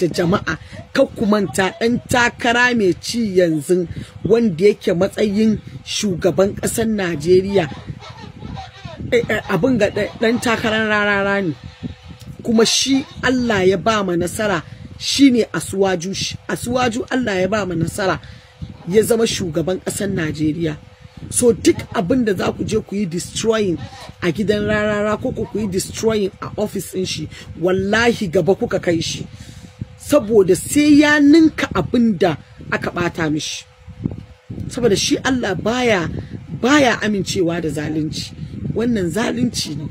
da jama'a kar ku manta ɗan takara mai ci yanzu wanda yake matsayin shugaban ƙasar najeriya eh, eh, abin ga ɗan takarar rarara ne kuma shi allah ya ba ma nasara shi ne asuwaju asuwaju allah ya ba ma nasara ya zama shugaban ƙasar najeriya so duk abin da za ku je ku yi destroying a gidan rarara ko ku yi destroying a ofis ɗin shi wallahi gaba kuka kai shi saboda sai ya ninka abin da aka bata mishi saboda shi Allah baya baya amincewa da zalunci wannan zalunci ne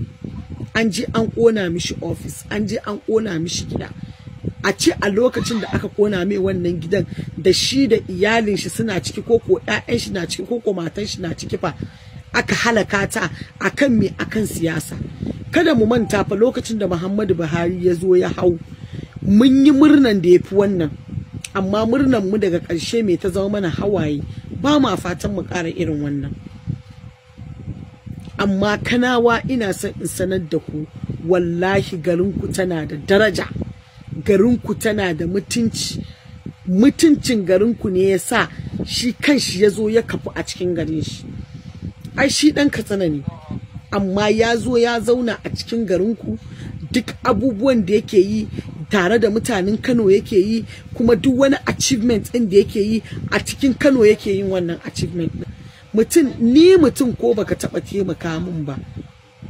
an je an kona mishi office an je an kona mishi gida a ce a lokacin da aka kona mai wannan gidan da shi da iyalin shi suna ciki ko ko ƴaƴan shi na ciki ko ko matan shi na ciki fa aka halaka ta akan me akan siyasa kada mu manta fa lokacin da Muhammadu Buhari ya zo ya hau mun yi murnan da ya fi wannan amma murnan mu daga ƙarshe mai ta zama mana hawaye ba ma fatan mu ƙara irin wannan amma kanawa ina son in sanar da ku wallahi garinku tana da daraja garinku tana da mutunci mutuncin garinku ne ya sa shi kanshi ya zo ya kafu a cikin garin shi ai shi ɗan katsina ne amma ya zo ya zauna a cikin garinku duk abubuwan da yake yi tare da mutanen Kano yake yi kuma duk wani achievement ɗin da yake yi a cikin Kano yake yin wannan achievement ɗin mutum ni mutum ko baka taɓa taimaka min ba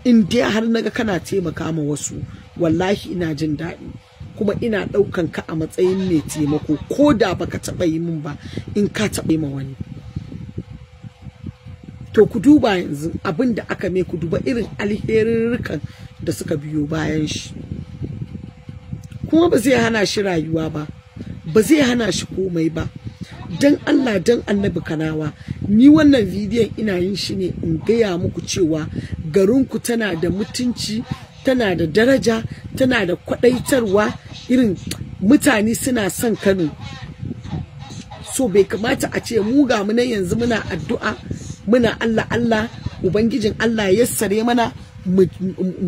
in dai har naga kana taimaka ma wasu wallahi ina jin daɗi kuma ina ɗaukan ka a matsayin mai taimako ko da baka taɓa yi min ba in ka taɓa ma wani to ku duba yanzu abin da aka mai ku duba irin alherurrukan da suka biyo bayan shi kuma ba zai hana shi rayuwa ba ba zai hana shi komai ba dan Allah dan annabi kanawa ni wannan bidiyon ina yin shi ne in gaya muku cewa garinku tana da mutunci tana da daraja tana da kwadaitarwa irin mutane suna son Kano so bai kamata a ce mu ga mu yanzu muna addu'a muna Allah Allah ubangijin Allah ya sare mana mu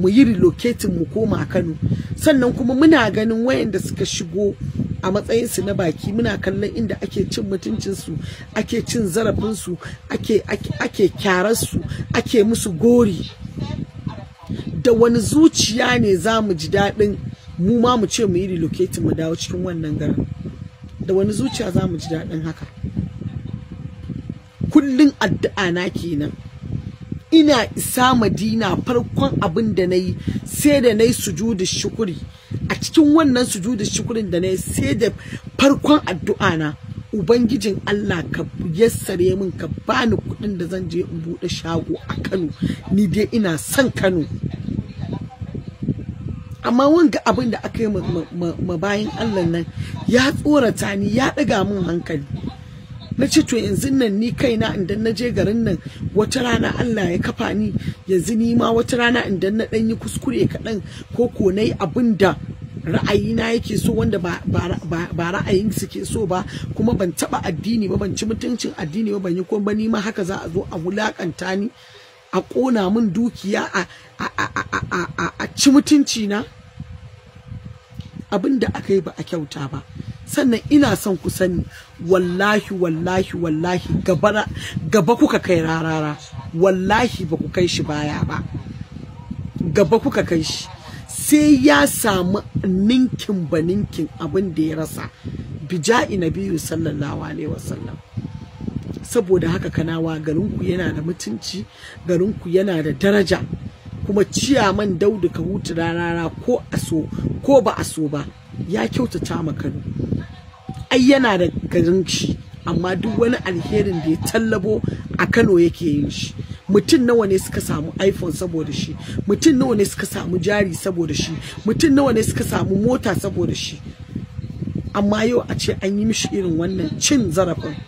yi relocating mu koma Kano sannan kuma muna ganin wayanda suka shigo a matsayinsu na baki muna kallon inda ake cin mutuncinsu ake cin zarafinsu ake ake kyararsu ake musu gori da wani zuciya ne za mu ji daɗin mu ma mu ce mu yi relocating mu dawo cikin wannan garin da wani zuciya za mu ji daɗin haka kullum addu'a na kenan ina isa madina farkon abin da na yi sai da na yi sujudu shukuri a cikin wannan sujudu shukurin da na yi sai da farkon addu'a na ubangijin Allah ka yassare min ka bani kuɗin da zan je in buɗe shago a Kano ni dai ina son Kano amma wanga abin da aka yi ma bayan Allah nan ya tsorata ni ya ɗaga min hankali na ce to yanzu nan ni kaina idan na je garin nan wata rana Allah ya kafa ni yanzu ni ma wata rana idan na dan yi kuskure kaɗan ko ko nayi abin da ra'ayina yake so wanda ba ra'ayin su ke so ba kuma ban taba addini ba ban ci mutuncin addini ba ban yi ko ba ni ma haka za a zo a wulakanta ni a kona min dukiya a ci mutunci na abin da aka yi ba a kyauta ba sannan ina son ku sani wallahi wallahi wallahi gaba kuka kai rarara wallahi ba ku kai shi baya ba gaba kuka kai shi sai ya samu ninkin ba ninkin abin da ya rasa bija'i nabiyu sallallahu alaihi wasallam saboda haka kanawa garinku yana da mutunci garinku yana da daraja kuma ciyaman daudu ka hutu rarara ko a ko ba a so ba ya kyautata ma kano ai yana da garinci amma duk wani alherin da ya tallabo a Kano yake yin shi mutum nawa ne suka samu iphone saboda shi mutum nawa ne suka samu jari saboda shi mutum nawa ne suka samu mota saboda shi amma yau a ce an yi mishi irin wannan cin zarafin